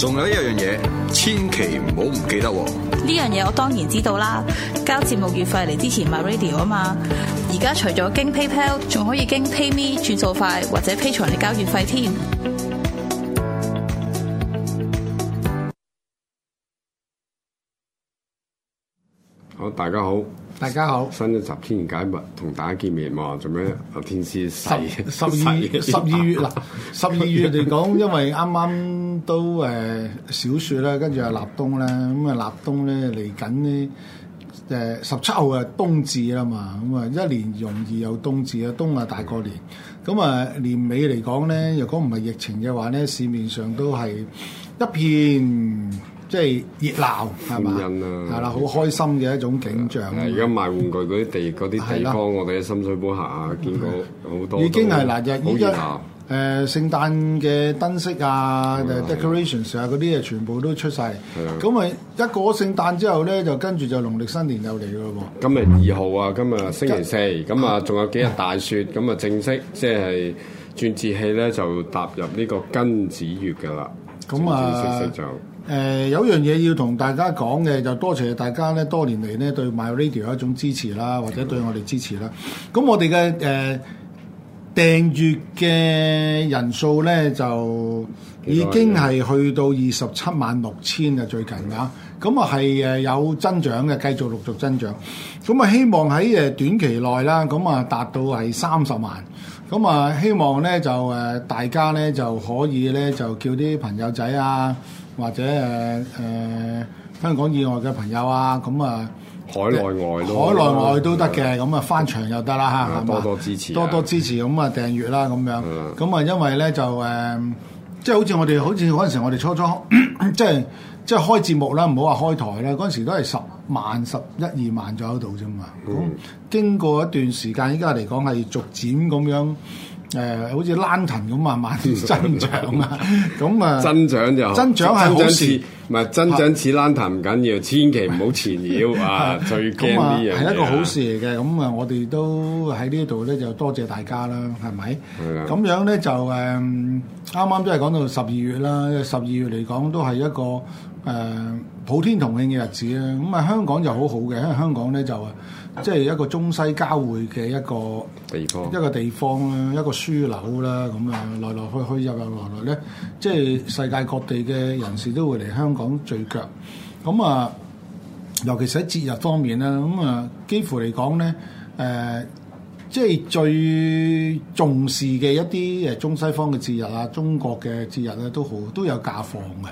仲有一樣嘢，千祈唔好唔記得喎！呢樣嘢我當然知道啦，交節目月費嚟支持 MyRadio 啊嘛！而家除咗經 PayPal，仲可以經 PayMe 轉數快，或者 Patreon 嚟交月費添。好，大家好，大家好，新一集天玄解密同大家見面喎，做咩？阿天獅十十二十二月嗱，十二月嚟講，因為啱啱。都誒小雪啦，跟住啊立冬咧，咁啊立冬咧嚟緊咧誒十七號啊冬至啦嘛，咁啊一年容易又冬至啊，冬啊大過年，咁啊年尾嚟講咧，如果唔係疫情嘅話咧，市面上都係一片即係熱鬧，係嘛？係啦，好開心嘅一種景象。而家賣玩具嗰啲地嗰啲地方，我哋喺深水埗下見過好多都好熱鬧。誒、呃、聖誕嘅燈飾啊，decorations 啊嗰啲誒全部都出晒。咁啊的一過聖誕之後咧，就跟住就農曆新年又嚟噶咯喎。今日二號啊，今日星期四，咁啊仲、嗯、有幾日大雪，咁啊正式即係轉節氣咧，就踏入呢個庚子月噶啦。咁、嗯、啊，誒、呃、有樣嘢要同大家講嘅，就多謝大家咧，多年嚟呢，對 MyRadio 有一種支持啦，或者對我哋支持啦。咁我哋嘅誒。訂閱嘅人數咧就已經係去到二十七萬六千啊，最近啊，咁啊係誒有增長嘅，繼續陸續增長。咁啊希望喺誒短期內啦，咁啊達到係三十萬。咁啊希望咧就誒大家咧就可以咧就叫啲朋友仔啊，或者誒誒、呃、香港以外嘅朋友啊，咁啊。海內外都，海內外都得嘅，咁啊翻牆又得啦嚇，咁啊多多支持，多多支持，咁啊訂閱啦咁樣，咁啊是的 因為咧就誒，即、嗯、係、就是、好似我哋好似嗰陣時，我哋初初即係即係開節目啦，唔好話開台啦，嗰陣時都係十萬十一二萬咗喺度啫嘛。咁、嗯、經過一段時間，依家嚟講係逐漸咁樣。誒、呃，好似 lantern 咁慢慢增長啊，咁啊、 嗯嗯、增長就增長係好事，唔係增長似 lantern 唔緊要，千祈唔好纏繞啊，最驚呢樣係一個好事嚟嘅。咁啊，我哋都喺呢度咧，就多謝大家啦，係咪？咁是的 樣咧就誒，啱啱都係講到十二月啦。十二月嚟講，都係一個誒、呃、普天同慶嘅日子啊。咁、嗯、啊，香港就好好嘅，喺香港咧就。即係一個中西交匯嘅一個地方，一個地方啦，一個樞紐啦，咁啊來來去去入入來來咧，即係世界各地嘅人士都會嚟香港聚腳。咁啊，尤其是喺節日方面啦，咁啊幾乎嚟講咧，誒、呃、即係最重視嘅一啲誒中西方嘅節日啊，中國嘅節日咧都好都有假放嘅。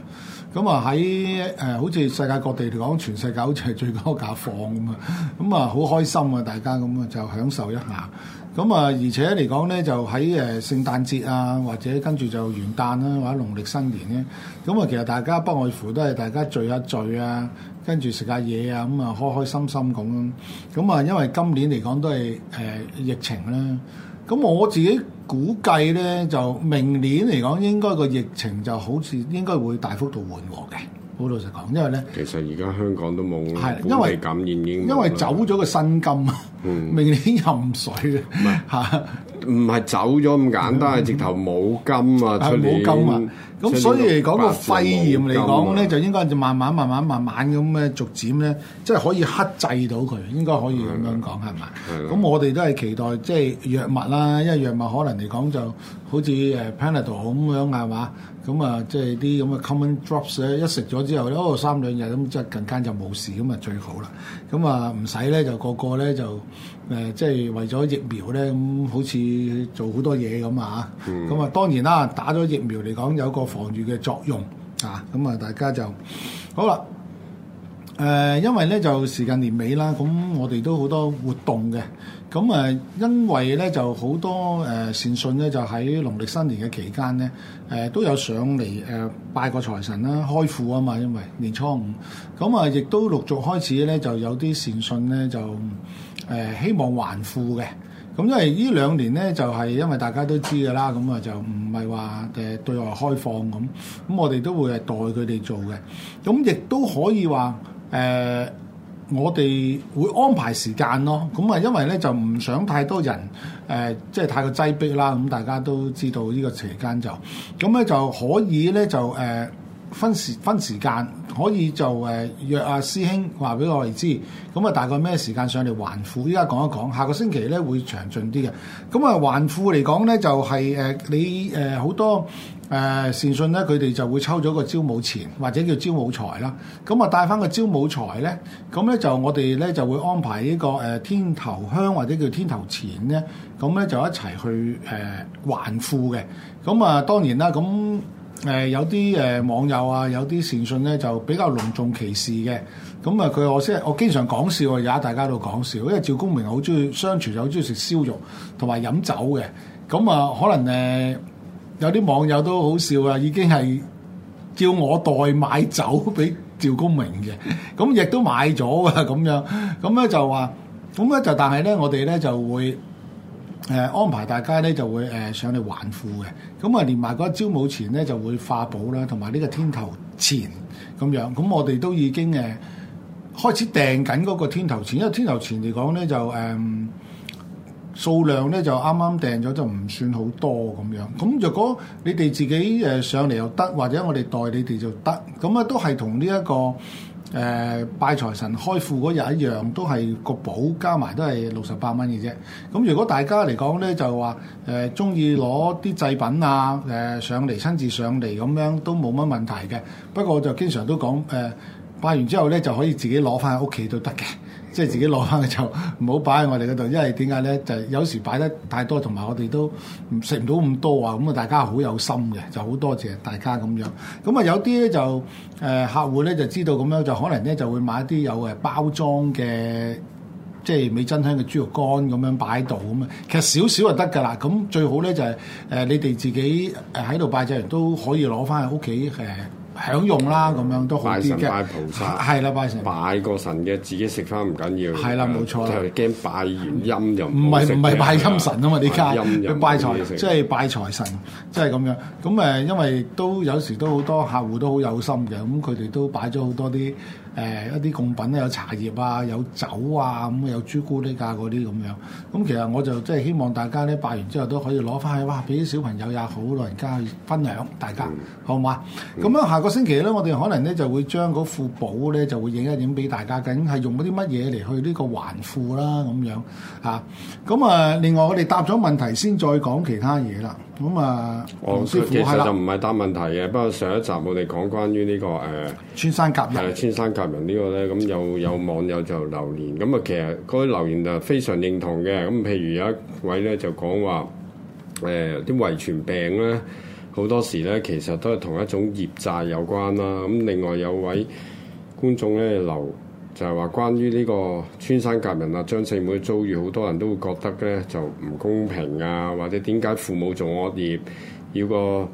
咁啊喺誒好似世界各地嚟講，全世界好似係最高價放咁啊！咁啊好開心啊，大家咁啊就享受一下。咁啊而且嚟講咧，就喺誒聖誕節啊，或者跟住就元旦啦、啊，或者農曆、啊、新年咧。咁啊，其實大家不外乎都係大家聚一聚啊，跟住食下嘢啊，咁、嗯、啊開開心心咁、啊。咁啊，因為今年嚟講都係誒、呃、疫情啦、啊。咁我自己。估計咧就明年嚟講，應該個疫情就好似應該會大幅度緩和嘅。好老實講，因為咧其實而家香港都冇，係因為感染已經因為，因為走咗個薪金啊，明、啊、年飲水啊嚇，唔係走咗咁簡單，係直頭冇金啊，出年冇金啊。咁所以嚟講個肺炎嚟講咧，就應該就慢慢慢慢慢慢咁咧逐漸咧，即係可以克制到佢，應該可以咁樣講係咪？咁我哋都係期待即係藥物啦，因為藥物可能嚟講就。好似誒 panadol 咁樣係嘛？咁啊，即係啲咁嘅 common drops 咧，就是、drugs，一食咗之後咧，哦三兩日咁，即係陣間就冇事咁啊，最好啦。咁啊，唔使咧就個個咧就誒，即、呃、係、就是、為咗疫苗咧，咁、嗯、好似做好多嘢咁啊嚇。咁啊、嗯，當然啦，打咗疫苗嚟講，有個防禦嘅作用啊。咁啊，大家就好啦。誒、呃，因為咧就時間年尾啦，咁我哋都好多活動嘅。咁啊，因為咧就好多誒善信咧，就喺農曆新年嘅期間咧，誒都有上嚟誒拜個財神啦、開庫啊嘛，因為年初五。咁啊，亦都陸續開始咧，就有啲善信咧就誒希望還庫嘅。咁因為呢兩年咧，就係因為大家都知㗎啦，咁啊就唔係話誒對外開放咁。咁我哋都會係代佢哋做嘅。咁亦都可以話誒。呃我哋會安排時間咯，咁啊，因為咧就唔想太多人誒、呃，即係太過擠逼啦。咁大家都知道呢個期間就，咁、嗯、咧就可以咧就誒、呃、分時分時間，可以就誒、呃、約阿、啊、師兄話俾我哋知。咁、嗯、啊，大概咩時間上嚟還庫？依家講一講，下個星期咧會詳盡啲嘅。咁、嗯、啊，還庫嚟講咧就係、是、誒、呃、你誒好、呃、多。誒善信咧，佢哋就會抽咗個招冇錢或者叫招冇財啦，咁啊帶翻個招冇財咧，咁咧就我哋咧就會安排呢個誒、呃、天頭香或者叫天頭錢咧，咁咧就一齊去誒、呃、還庫嘅。咁啊當然啦，咁誒、呃、有啲誒網友啊，有啲善信咧就比較隆重其事嘅。咁啊佢我先我經常講笑，啊，而家大家都講笑，因為趙公明好中意雙馳就好中意食燒肉同埋飲酒嘅。咁啊可能誒。呃有啲網友都好笑啊，已經係叫我代買酒俾趙公明嘅，咁亦都買咗啊，咁樣，咁咧就話，咁咧就，但係咧，我哋咧就會誒、呃、安排大家咧就會誒、呃、上嚟還庫嘅，咁啊連埋嗰招冇錢咧就會化寶啦，同埋呢個天頭錢咁樣，咁我哋都已經誒開始訂緊嗰個天頭錢，因為天頭錢嚟講咧就誒。呃數量咧就啱啱訂咗就唔算好多咁樣，咁若果你哋自己誒、呃、上嚟又得，或者我哋代你哋就得，咁啊都係同呢一個誒、呃、拜財神開庫嗰日一樣，都係個簿加埋都係六十八蚊嘅啫。咁、嗯、如果大家嚟講咧就話誒中意攞啲祭品啊誒、呃、上嚟親自上嚟咁樣都冇乜問題嘅。不過我就經常都講誒、呃、拜完之後咧就可以自己攞翻喺屋企都得嘅。即係自己攞翻去就唔好擺喺我哋嗰度，因為點解咧？就有時擺得太多，同埋我哋都食唔到咁多啊！咁啊，大家好有心嘅，就好多謝大家咁樣。咁啊，有啲咧就誒客戶咧就知道咁樣，就可能咧就會買啲有誒包裝嘅，即係美珍香嘅豬肉乾咁樣擺度。咁啊。其實少少就得㗎啦。咁最好咧就係、是、誒、呃、你哋自己誒喺度拜祭人都可以攞翻喺屋企係。呃享用啦，咁樣都好啲嘅。拜神拜菩薩。係啦、啊，拜神。拜個神嘅自己食翻唔緊要。係啦，冇錯啦。即係驚拜完陰又唔好食。唔係唔係拜陰神啊嘛？依家拜財，即係拜財神，即係咁 樣。咁誒，因為都有時都好多客戶都好有心嘅，咁佢哋都擺咗好多啲。誒、呃、一啲供品咧，有茶葉啊，有酒啊，咁有朱古力啊嗰啲咁樣。咁其實我就即係希望大家咧拜完之後都可以攞翻去，哇！俾啲小朋友也、啊、好，老人家去分享，大家好嘛？咁樣下個星期咧，我哋可能咧就會將嗰副寶咧就會影一影俾大家，究竟係用嗰啲乜嘢嚟去呢個還庫啦咁樣啊。咁啊，另外我哋答咗問題先，再講其他嘢啦。咁啊，嗯、我其實就唔係答問題嘅，不過吧上一集我哋講關於呢、這個誒，穿山甲，係啊，穿山甲人，山甲人個呢個咧，咁有有網友就留言，咁啊其實嗰啲留言就非常認同嘅，咁譬如有一位咧就講話，誒、呃、啲遺傳病咧好多時咧其實都係同一種業債有關啦，咁另外有位觀眾咧留。就係話關於呢個穿山甲人啊，張四妹遭遇好多人都會覺得咧，就唔公平啊，或者點解父母做惡業要個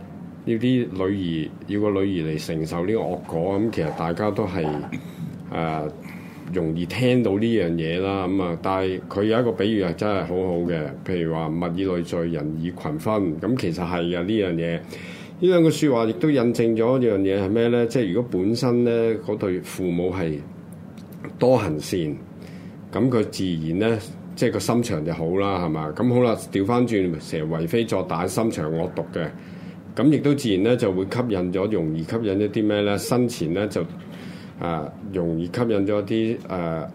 要啲女兒要個女兒嚟承受呢個惡果咁、嗯？其實大家都係誒、呃、容易聽到呢樣嘢啦。咁、嗯、啊，但係佢有一個比喻係真係好好嘅，譬如話物以類聚，人以群分。咁、嗯、其實係嘅呢樣嘢呢兩個説話亦都印證咗一樣嘢係咩咧？即、就、係、是、如果本身咧嗰對父母係，多行善，咁佢自然呢，即係個心腸就好啦，係嘛？咁好啦，調翻轉，成日為非作歹，心腸惡毒嘅，咁亦都自然呢，就會吸引咗，容易吸引一啲咩呢？生前呢，就啊、呃，容易吸引咗啲誒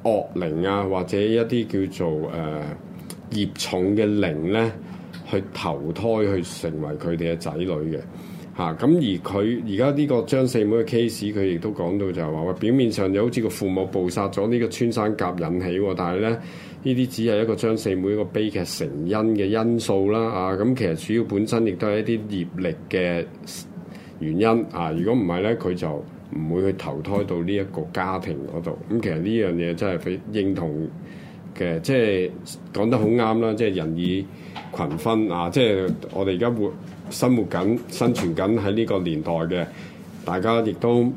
惡靈啊，或者一啲叫做誒業、呃、重嘅靈呢，去投胎去成為佢哋嘅仔女嘅。嚇，咁、啊、而佢而家呢個張四妹嘅 case，佢亦都講到就係話、呃，表面上就好似個父母捕殺咗呢個穿山甲引起喎，但係咧呢啲只係一個張四妹一個悲劇成因嘅因素啦。嚇、啊，咁、啊、其實主要本身亦都係一啲業力嘅原因嚇。如果唔係咧，佢就唔會去投胎到呢一個家庭嗰度。咁、啊啊、其實呢樣嘢真係認同嘅，即係講得好啱啦。即係人以群分啊，即係我哋而家會，生活緊、生存緊喺呢個年代嘅，大家亦都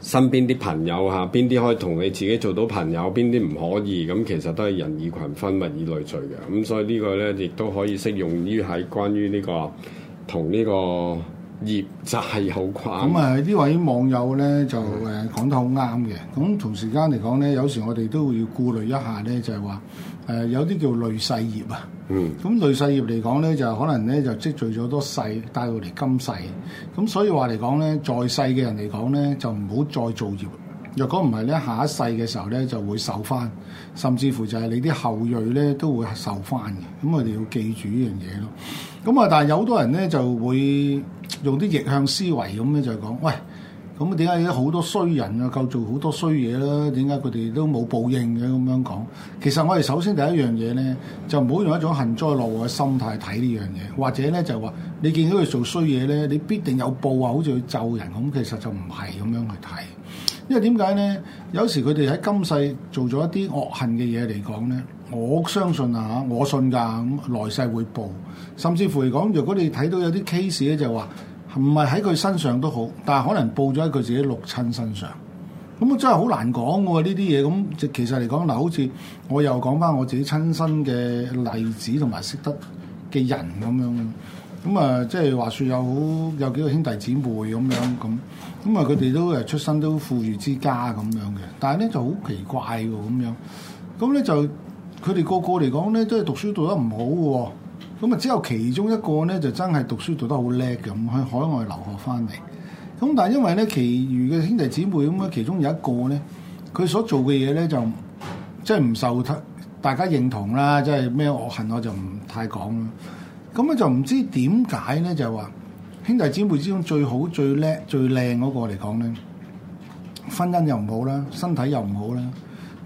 身邊啲朋友吓，邊啲可以同你自己做到朋友，邊啲唔可以？咁其實都係人以群分，物以類聚嘅。咁所以個呢個咧，亦都可以適用於喺關於呢、這個同呢個業債有關。咁啊，呢位網友咧就誒講得好啱嘅。咁、嗯、同時間嚟講咧，有時我哋都會要顧慮一下咧，就係、是、話。誒、呃、有啲叫累世業啊，咁累世業嚟講咧，就可能咧就積聚咗多世帶到嚟今世，咁所以話嚟講咧，在世嘅人嚟講咧，就唔好再造業。若果唔係咧，下一世嘅時候咧就會受翻，甚至乎就係你啲後裔咧都會受翻嘅。咁我哋要記住呢樣嘢咯。咁啊，但係有好多人咧就會用啲逆向思維咁咧，就係講喂。咁啊，點解好多衰人啊，夠做好多衰嘢啦？點解佢哋都冇報應嘅咁樣講？其實我哋首先第一樣嘢呢，就唔好用一種幸災樂禍嘅心態睇呢樣嘢，或者呢，就話你見到佢做衰嘢呢，你必定有報啊！好似去咒人咁，其實就唔係咁樣去睇。因為點解呢？有時佢哋喺今世做咗一啲惡行嘅嘢嚟講呢，我相信啊，我信㗎，咁來世會報。甚至乎嚟講，如果你睇到有啲 case 咧，就話。唔係喺佢身上都好，但係可能報咗喺佢自己六親身上，咁啊真係好難講喎呢啲嘢。咁其實嚟講，嗱好似我又講翻我自己親身嘅例子同埋識得嘅人咁樣，咁啊即係話説有有幾個兄弟姊妹咁樣咁，咁啊佢哋都誒出身都富裕之家咁樣嘅，但係咧就好奇怪喎咁樣，咁咧就佢哋個個嚟講咧都係讀書讀得唔好喎。咁啊，只有其中一個咧，就真係讀書讀得好叻咁去海外留學翻嚟。咁但係因為咧，其餘嘅兄弟姊妹咁樣，其中有一個咧，佢所做嘅嘢咧，就即係唔受大家認同啦。即係咩惡行，我就唔太講啦。咁咧就唔知點解咧，就話兄弟姊妹之中最好、最叻、最靚嗰個嚟講咧，婚姻又唔好啦，身體又唔好啦。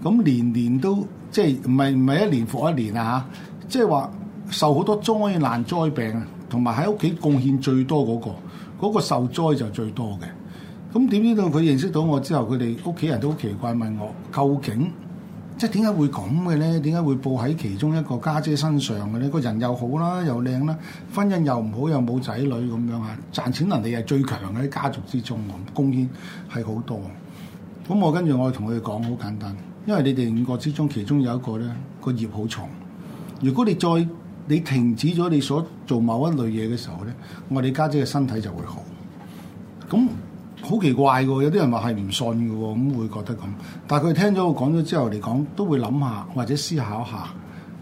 咁年年都即係唔係唔係一年復一年啊？嚇，即係話。受好多災難災病啊，同埋喺屋企貢獻最多嗰個，嗰個受災就最多嘅。咁點知道佢認識到我之後，佢哋屋企人都好奇怪問我：究竟即點解會咁嘅咧？點解會報喺其中一個家姐身上嘅咧？個人又好啦，又靚啦，婚姻又唔好，又冇仔女咁樣啊，賺錢能力係最強嘅喺家族之中，貢獻係好多。咁我跟住我同佢哋講好簡單，因為你哋五個之中其中有一個咧，個業好重，如果你再你停止咗你所做某一類嘢嘅時候呢，我哋家姐嘅身體就會好。咁好奇怪嘅，有啲人話係唔信嘅咁，會覺得咁。但係佢聽咗我講咗之後嚟講，都會諗下或者思考下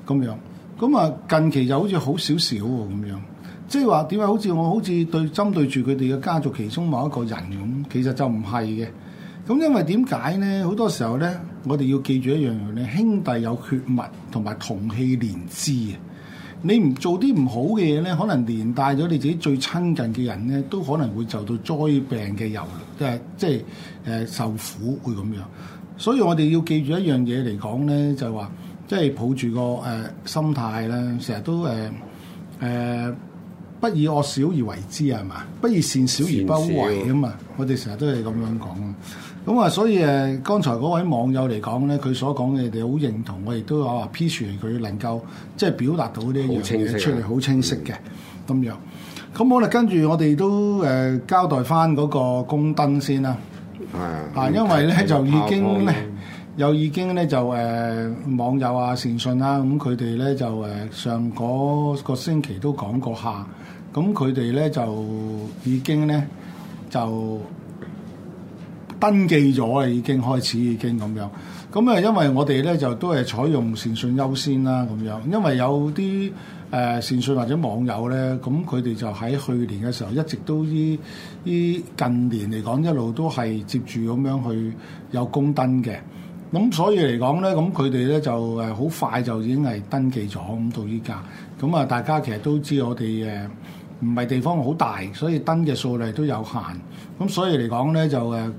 咁樣。咁啊近期就好似好少少喎咁樣，即係話點解好似我好似對針對住佢哋嘅家族其中某一個人咁，其實就唔係嘅。咁因為點解呢？好多時候呢，我哋要記住一樣嘢呢，兄弟有血脈同埋同氣連枝啊！你唔做啲唔好嘅嘢咧，可能連帶咗你自己最親近嘅人咧，都可能會受到災病嘅憂慮，即係即係誒受苦會咁樣。所以我哋要記住一樣嘢嚟講咧，就係話，即係抱住個誒、呃、心態咧，成日都誒誒、呃呃、不以惡小而為之啊嘛，不以善小而不為啊嘛。小我哋成日都係咁樣講。咁啊、嗯，所以誒，剛才嗰位網友嚟講咧，佢所講嘅，我哋好認同，我亦都話 P 船佢能夠，即係表達到呢一樣嘢出嚟，好清晰嘅咁、嗯、樣，咁好啦，跟、嗯、住、嗯嗯、我哋都誒、呃，交代翻嗰個供燈先啦。係啊，因為咧、嗯、就已經咧，又、呃、已經咧就誒、呃、網友啊善信啦、啊，咁佢哋咧就誒、呃、上嗰個星期都講過下，咁佢哋咧就已經咧就。登記咗啊，已經開始，已經咁樣。咁啊，因為我哋咧就都係採用善信優先啦，咁樣。因為有啲誒、呃、善信或者網友咧，咁佢哋就喺去年嘅時候一直都依依近年嚟講一路都係接住咁樣去有供燈嘅。咁所以嚟講咧，咁佢哋咧就誒好快就已經係登記咗。咁到依家，咁啊大家其實都知我哋誒唔係地方好大，所以登嘅數量都有限。咁所以嚟講咧就誒。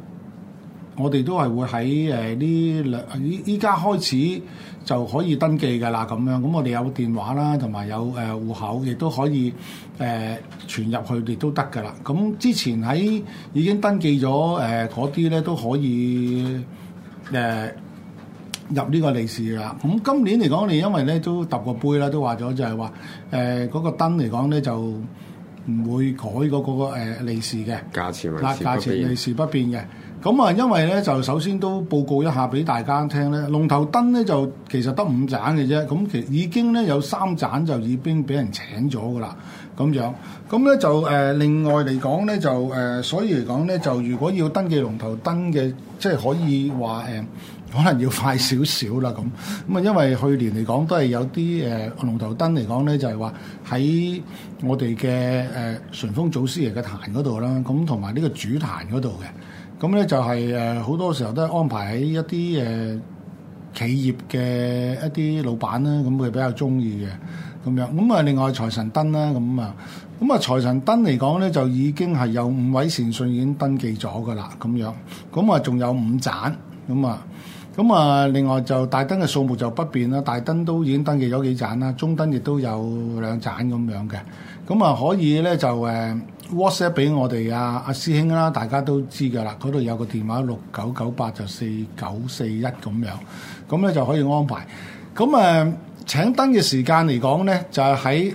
我哋都係會喺誒呢兩依依家開始就可以登記噶啦，咁樣。咁我哋有電話啦，同埋有誒戶、呃、口，亦都可以誒存、呃、入去，亦都得噶啦。咁之前喺已經登記咗誒嗰啲咧，都可以誒、呃、入呢個利是噶啦。咁、嗯、今年嚟講，你因為咧都揼過杯啦，都話咗就係話誒嗰個燈嚟講咧就唔會改嗰、嗰個、嗰個呃、利是嘅價錢，價錢利是不變嘅。咁啊，因為咧就首先都報告一下俾大家聽咧，龍頭燈咧就其實得五盞嘅啫，咁其實已經咧有三盞就已經俾人請咗噶啦，咁樣。咁咧就誒、呃、另外嚟講咧就誒、呃，所以嚟講咧就如果要登記龍頭燈嘅，即、就、係、是、可以話誒、呃，可能要快少少啦咁。咁啊，因為去年嚟講都係有啲誒、呃、龍頭燈嚟講咧就係話喺我哋嘅誒順風祖師爺嘅壇嗰度啦，咁同埋呢個主壇嗰度嘅。咁咧就係誒好多時候都安排喺一啲誒、呃、企業嘅一啲老闆啦，咁、啊、佢比較中意嘅咁樣。咁啊，另外財神燈啦，咁啊，咁啊財神燈嚟講咧就已經係有五位善信已經登記咗噶啦，咁樣。咁啊，仲有五盞咁啊。咁啊，另外就大燈嘅數目就不變啦、啊，大燈都已經登記咗幾盞啦、啊，中燈亦都有兩盞咁樣嘅。咁啊，可以咧就誒。啊 WhatsApp 俾我哋啊，阿、啊、師兄啦，大家都知噶啦，嗰度有個電話六九九八就四九四一咁樣，咁咧就可以安排。咁誒、啊、請燈嘅時間嚟講咧，就係、是、喺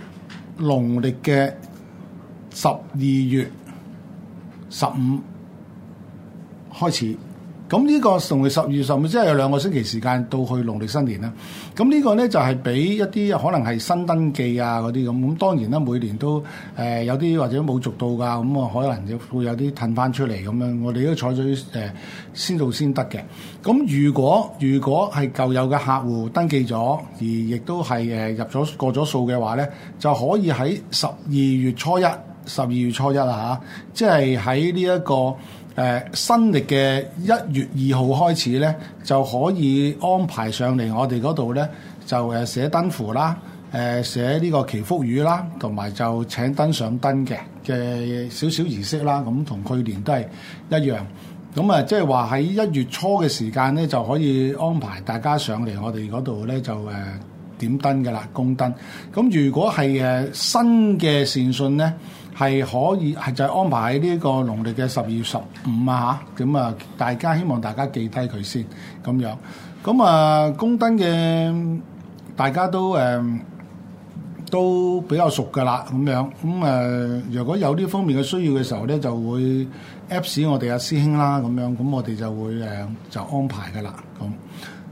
農曆嘅十二月十五開始。咁呢個農曆十二月十五即係有兩個星期時間到去農曆新年啦。咁呢個呢，就係、是、俾一啲可能係新登記啊嗰啲咁。咁當然啦，每年都誒有啲或者冇續到㗎，咁啊可能會有啲褪翻出嚟咁樣。我哋都採取誒先做先得嘅。咁如果如果係舊有嘅客戶登記咗而亦都係誒入咗過咗數嘅話呢，就可以喺十二月初一十二月初一啦嚇、啊，即係喺呢一個。誒新歷嘅一月二號開始咧，就可以安排上嚟我哋嗰度咧，就誒寫燈符啦，誒、呃、寫呢個祈福語啦，同埋就請燈上燈嘅嘅少少儀式啦，咁同去年都係一樣。咁啊，即係話喺一月初嘅時間咧，就可以安排大家上嚟我哋嗰度咧，就誒點燈㗎喇，供燈。咁如果係誒新嘅善信咧？係可以係就係安排喺呢個農曆嘅十二月十五啊嚇，咁啊大家希望大家記低佢先咁樣。咁啊供燈嘅大家都誒、啊、都比較熟噶啦咁樣。咁、啊、誒如果有呢方面嘅需要嘅時候咧，就會 Apps 我哋阿師兄啦咁樣，咁我哋就會誒、啊、就安排嘅啦安排噶啦咁。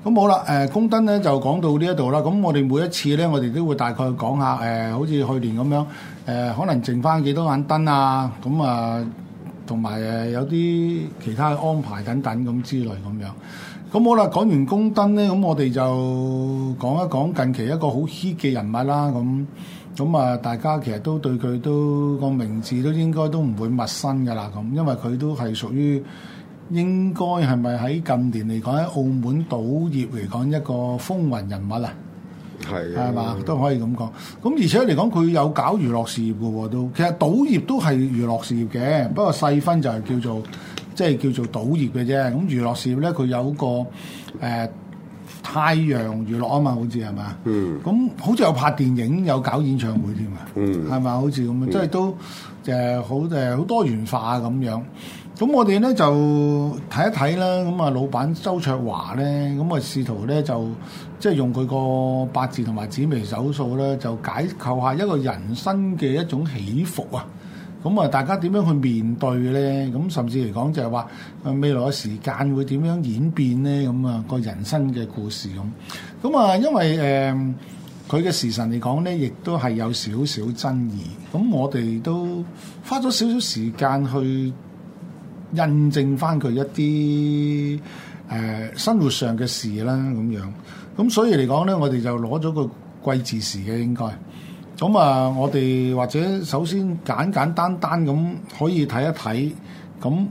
咁好啦，誒供燈咧就講到呢一度啦。咁我哋每一次咧，我哋都會大概講下誒、呃，好似去年咁樣，誒、呃、可能剩翻幾多眼燈啊，咁啊，同埋誒有啲其他安排等等咁之類咁樣。咁好啦，講完供燈咧，咁我哋就講一講近期一個好 heat 嘅人物啦。咁咁啊，大家其實都對佢都個名字都應該都唔會陌生㗎啦。咁因為佢都係屬於。應該係咪喺近年嚟講，喺澳門賭業嚟講，一個風雲人物係啊？係係嘛，都可以咁講。咁而且嚟講佢有搞娛樂事業嘅喎，都其實賭業都係娛樂事業嘅，不過細分就係叫做即係、即係、叫做賭業嘅啫。咁娛樂事業咧，佢有個誒、呃、太陽娛樂啊嘛，好似係嘛？嗯。咁好似有拍電影，有搞演唱會添啊？嗯。係咪？好似咁，嗯、即係都誒好誒好多元化咁樣。咁我哋咧就睇一睇啦，咁啊老闆周卓華咧，咁啊試圖咧就即係用佢個八字同埋紫微斗數咧，就解構一下一個人生嘅一種起伏啊！咁啊，大家點樣去面對咧？咁甚至嚟講就係話，未來嘅時間會點樣演變咧？咁啊，個人生嘅故事咁。咁啊，因為誒佢嘅時辰嚟講咧，亦都係有少少爭議。咁我哋都花咗少少時間去。印證翻佢一啲誒、呃、生活上嘅事啦，咁樣咁所以嚟講呢，我哋就攞咗個季字時嘅應該咁啊！我哋或者首先簡簡單單咁可以睇一睇，咁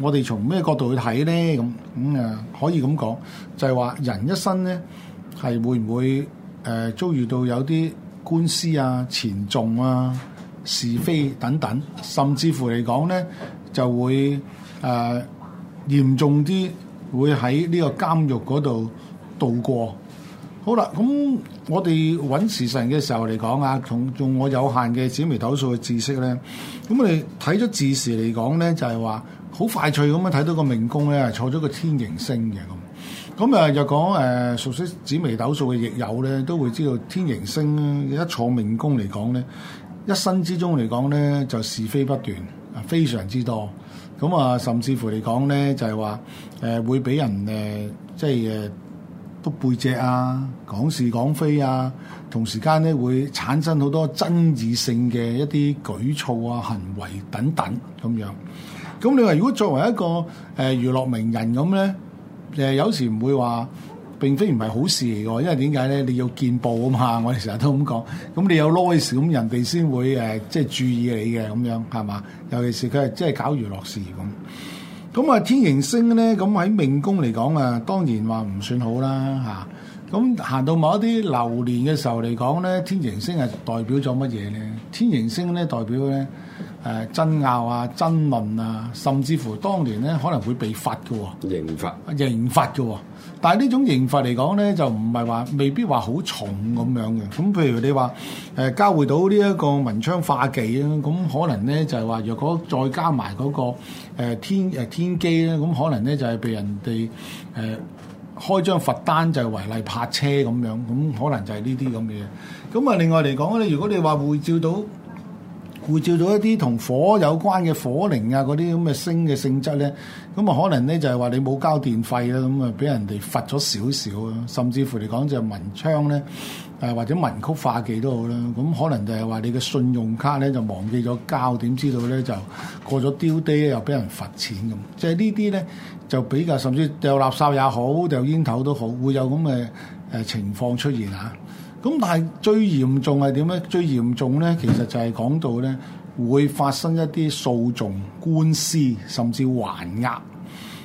我哋從咩角度去睇呢？咁咁啊，可以咁講，就係、是、話人一生呢係會唔會誒、呃、遭遇到有啲官司啊、前重啊、是非等等，甚至乎嚟講呢。就會誒、呃、嚴重啲，會喺呢個監獄嗰度度過。好啦，咁我哋揾時辰嘅時候嚟講啊，用用我有限嘅紫微斗數嘅知識咧，咁我哋睇咗字時嚟講咧，就係話好快脆咁樣睇到個命宮咧，係坐咗個天刑星嘅咁。咁誒，若講誒熟悉紫微斗數嘅友咧，都會知道天刑星一坐命宮嚟講咧，一生之中嚟講咧，就是非不斷。非常之多，咁啊，甚至乎嚟講咧，就係話誒會俾人誒、呃、即係篤、呃、背脊啊、講是講非啊，同時間咧會產生好多爭議性嘅一啲舉措啊、行為等等咁樣。咁你話如果作為一個誒娛樂名人咁咧，誒、呃、有時唔會話。並非唔係好事嚟嘅，因為點解咧？你要見報啊嘛！我哋成日都咁講，咁你有 noise，咁人哋先會誒、呃，即係注意你嘅咁樣，係嘛？尤其是佢係即係搞娛樂事咁。咁啊、嗯，天刑星咧，咁、嗯、喺命宮嚟講啊，當然話唔算好啦嚇。咁、啊、行到某一啲流年嘅時候嚟講咧，天刑星係代表咗乜嘢咧？天刑星咧代表咧誒、呃、爭拗啊、爭論啊，甚至乎當年咧可能會被罰嘅喎，刑罰，刑罰嘅喎。但係呢種刑罰嚟講咧，就唔係話未必話好重咁樣嘅。咁譬如你話誒、呃、交匯到呢一個文昌化忌啊，咁可能咧就係、是、話若果再加埋嗰、那個、呃、天誒、呃、天機咧，咁可能咧就係、是、被人哋誒、呃、開張罰單，就係、是、違例泊車咁樣。咁可能就係呢啲咁嘅嘢。咁啊，另外嚟講咧，如果你話會照到。附照到一啲同火有關嘅火鈴啊，嗰啲咁嘅星嘅性質咧，咁啊可能咧就係話你冇交電費啦，咁啊俾人哋罰咗少少啊，甚至乎嚟講就文昌咧，誒或者文曲化忌都好啦，咁可能就係話你嘅信用卡咧就忘記咗交，點知道咧就過咗丟低又俾人罰錢咁，即係呢啲咧就比較甚至丟垃圾也好，丟煙頭都好，會有咁嘅誒情況出現嚇。咁但係最嚴重係點呢？最嚴重呢，其實就係講到呢，會發生一啲訴訟、官司，甚至還押。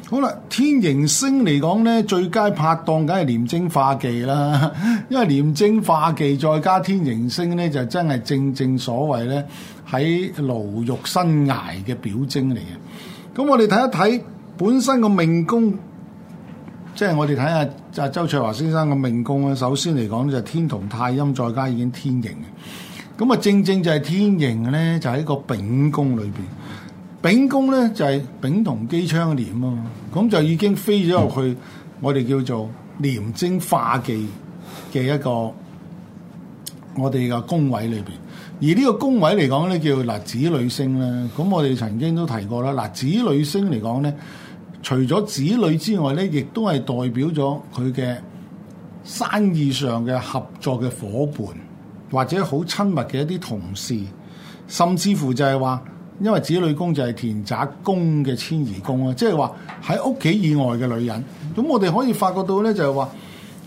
好啦，天刑星嚟講呢，最佳拍檔梗係廉貞化忌啦，因為廉貞化忌再加天刑星呢，就真係正正所謂呢，喺牢獄生涯嘅表徵嚟嘅。咁我哋睇一睇本身個命宮。即係我哋睇下阿周卓華先生嘅命宮咧，首先嚟講咧就天同太陰再加已經天刑嘅，咁啊正正就係天刑，咧就喺、是、個丙宮裏邊，丙宮咧就係、是、丙同機昌廉啊，咁就已經飛咗入去我哋叫做廉貞化忌嘅一個我哋嘅宮位裏邊。而個呢個宮位嚟講咧叫嗱子女星咧，咁我哋曾經都提過啦，嗱子女星嚟講咧。除咗子女之外咧，亦都係代表咗佢嘅生意上嘅合作嘅伙伴，或者好親密嘅一啲同事，甚至乎就係話，因為子女宮就係田宅宮嘅遷移宮啊，即係話，喺屋企以外嘅女人，咁我哋可以發覺到咧，就係話，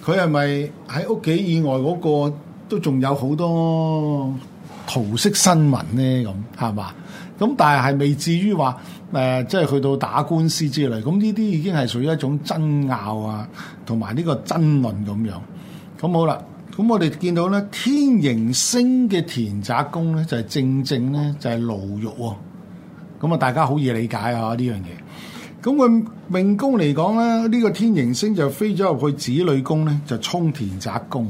佢係咪喺屋企以外嗰個都仲有好多桃色新聞咧？咁係嘛？咁但係未至於話誒、呃，即係去到打官司之類。咁呢啲已經係屬於一種爭拗啊，同埋呢個爭論咁樣。咁好啦，咁我哋見到咧，天刑星嘅田宅宮咧，就係、是、正正咧，就係、是、牢獄喎。咁啊，大家好易理解啊呢樣嘢。咁佢命宮嚟講咧，呢個天刑星就飛咗入去子女宮咧，就沖田宅宮。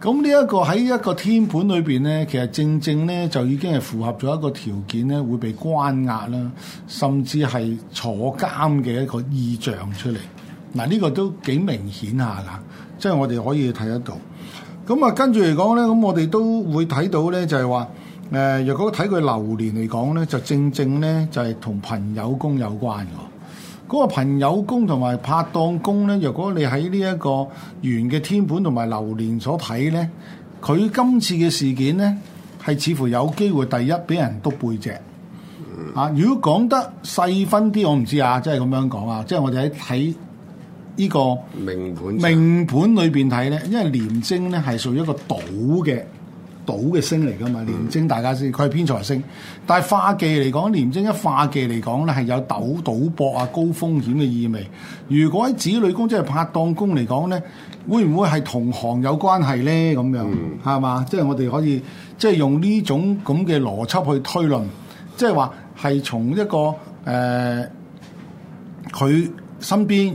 咁呢一個喺一個天盤裏邊咧，其實正正咧就已經係符合咗一個條件咧，會被關押啦，甚至係坐監嘅一個意象出嚟。嗱，呢個都幾明顯下噶，即係我哋可以睇得到。咁啊，跟住嚟講咧，咁我哋都會睇到咧，就係、是、話，誒、呃、若果睇佢流年嚟講咧，就正正咧就係、是、同朋友宮有關嘅。嗰個朋友宮同埋拍檔宮咧，若果你喺呢一個圓嘅天盤同埋流年所睇咧，佢今次嘅事件咧，係似乎有機會第一俾人篤背脊啊！如果講得細分啲，我唔知啊，即係咁樣講啊，即係我哋喺睇呢個命盤，命盤裏邊睇咧，因為廉貞咧係屬於一個賭嘅。賭嘅星嚟噶嘛？廉貞、嗯、大家知，佢係偏財星。但係化忌嚟講，廉貞一化忌嚟講咧，係有賭、賭博啊，高風險嘅意味。如果喺子女宮即係拍檔宮嚟講咧，會唔會係同行有關係咧？咁樣係嘛、嗯？即係我哋可以即係用呢種咁嘅邏輯去推論，即係話係從一個誒佢、呃、身邊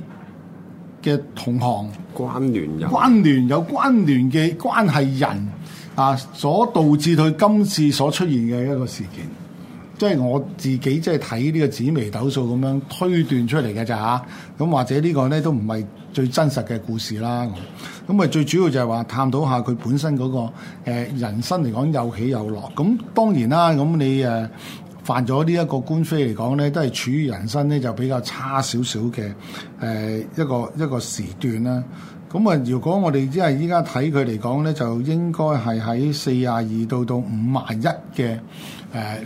嘅同行關聯,關聯有關聯有關聯嘅關係人。啊！所導致佢今次所出現嘅一個事件，即係我自己即係睇呢個紫微斗數咁樣推斷出嚟嘅咋。嚇、啊。咁或者個呢個咧都唔係最真實嘅故事啦。咁啊，最主要就係話探討下佢本身嗰、那個、呃、人生嚟講有起有落。咁當然啦，咁你誒、啊、犯咗呢一個官非嚟講咧，都係處於人生咧就比較差少少嘅誒一個一個時段啦。咁啊，如果我哋只係依家睇佢嚟講咧，就應該係喺四廿二到到五十一嘅誒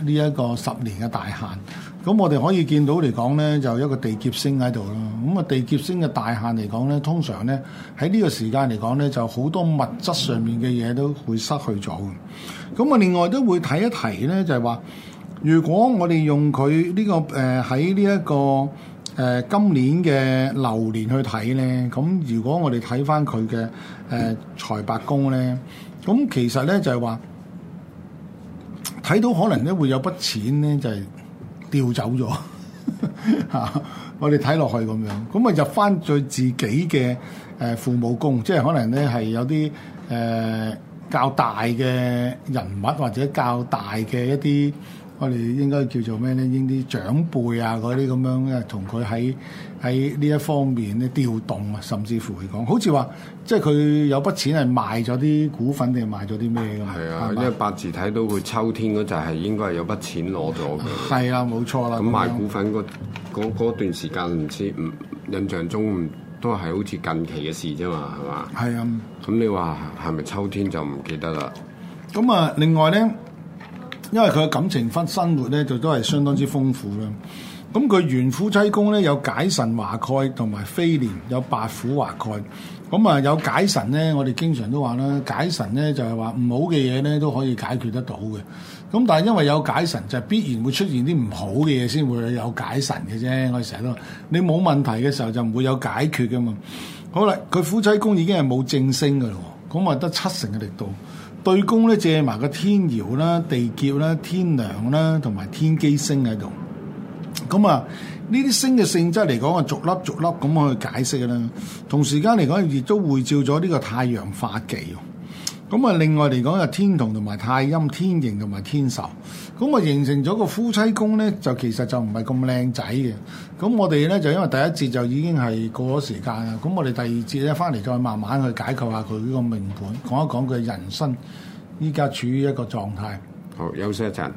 呢一個十年嘅大限。咁、嗯、我哋可以見到嚟講咧，就一個地劫星喺度咯。咁、嗯、啊，地劫星嘅大限嚟講咧，通常咧喺呢個時間嚟講咧，就好多物質上面嘅嘢都會失去咗。咁、嗯、啊，另外都會提一提咧，就係、是、話，如果我哋用佢呢個誒喺呢一個。呃誒、呃、今年嘅流年去睇咧，咁如果我哋睇翻佢嘅誒財帛宮咧，咁其實咧就係話睇到可能咧會有筆錢咧就係、是、掉走咗嚇、 啊，我哋睇落去咁樣，咁啊入翻最自己嘅誒、呃、父母宮，即係可能咧係有啲誒、呃、較大嘅人物或者較大嘅一啲。我哋應該叫做咩咧？應啲長輩啊，嗰啲咁樣咧，同佢喺喺呢一方面咧調動啊，甚至乎佢講，好似話即係佢有筆錢係賣咗啲股份定係賣咗啲咩咁？係啊，是是因為八字睇到佢秋天嗰陣係應該係有筆錢攞咗嘅。係啊，冇錯啦。咁賣股份嗰樣段時間唔知唔印象中都係好似近期嘅事啫嘛，係嘛？係啊。咁你話係咪秋天就唔記得啦？咁啊，另外咧。因為佢嘅感情分生活咧，就都係相當之豐富啦。咁佢原夫妻宮咧有解神華蓋同埋飛廉，有白虎華蓋。咁啊有解神咧，我哋經常都話啦，解神咧就係話唔好嘅嘢咧都可以解決得到嘅。咁但係因為有解神，就係、必然會出現啲唔好嘅嘢先會有解神嘅啫。我成日都話，你冇問題嘅時候就唔會有解決噶嘛。好啦，佢夫妻宮已經係冇正星噶咯，咁啊得七成嘅力度。對宮咧借埋個天姚啦、地劫啦、天梁啦，同埋天機星喺度。咁啊，呢啲星嘅性質嚟講啊，逐粒逐粒咁去解釋啦。同時間嚟講，亦都會照咗呢個太陽化忌。咁啊，另外嚟講就天同同埋太陰、天刑同埋天壽，咁啊形成咗個夫妻宮咧，就其實就唔係咁靚仔嘅。咁我哋咧就因為第一節就已經係過咗時間啦，咁我哋第二節咧翻嚟再慢慢去解構下佢呢個命盤，講一講佢人生依家處於一個狀態。好，休息一陣。